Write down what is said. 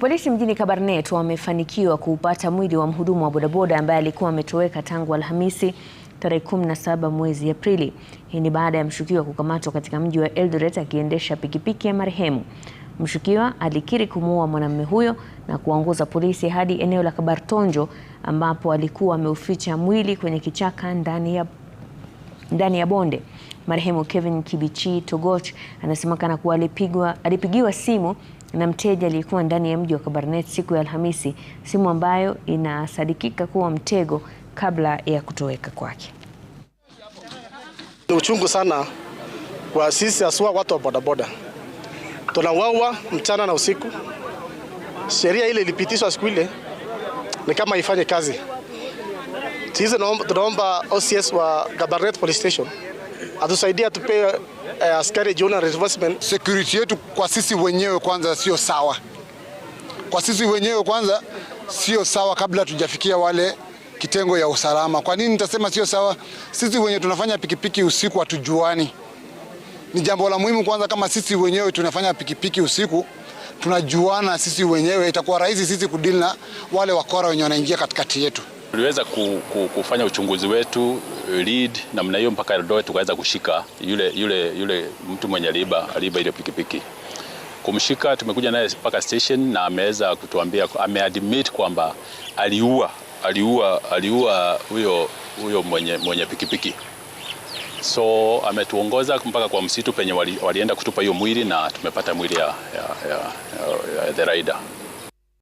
Polisi mjini Kabarnet wamefanikiwa kuupata mwili wa mhudumu wa bodaboda ambaye alikuwa ametoweka tangu Alhamisi tarehe 17 mwezi Aprili. Hii ni baada ya mshukiwa kukamatwa katika mji wa Eldoret akiendesha pikipiki ya marehemu. Mshukiwa alikiri kumuua mwanamume huyo na kuongoza polisi hadi eneo la Kabartonjo ambapo alikuwa ameuficha mwili kwenye kichaka ndani ya, ndani ya bonde marehemu Kevin Kibichi Togot anasema kana kuwa alipigwa alipigiwa simu na mteja aliyekuwa ndani ya mji wa Kabarnet siku ya Alhamisi, simu ambayo inasadikika kuwa mtego kabla ya kutoweka kwake. Ni uchungu sana kwa sisi haswa watu wa bodaboda, tunauawa mchana na usiku. Sheria ile ilipitishwa siku ile ni kama ifanye kazi. Sisi tunaomba OCS wa Kabarnet Police Station atusaidia tupe eh, askari jiona reinforcement. Security yetu kwa sisi wenyewe kwanza sio sawa, kwa sisi wenyewe kwanza sio sawa, kabla tujafikia wale kitengo ya usalama. Kwa nini nitasema sio sawa? Sisi wenyewe tunafanya pikipiki usiku, hatujuani. Ni jambo la muhimu kwanza, kama sisi wenyewe tunafanya pikipiki usiku tunajuana sisi wenyewe, itakuwa rahisi sisi kudili na wale wakora wenye wanaingia katikati yetu tuliweza ku, ku, kufanya uchunguzi wetu eh, lead namna hiyo mpaka Eldoret tukaweza kushika yule, yule, yule mtu mwenye aliiba aliiba ile pikipiki. Kumshika tumekuja naye mpaka station na ameweza kutuambia, ameadmit kwamba aliua aliua aliua huyo huyo mwenye, mwenye pikipiki so ametuongoza mpaka kwa msitu penye wali, walienda kutupa hiyo mwili na tumepata mwili ya, ya, ya, ya, ya the rider.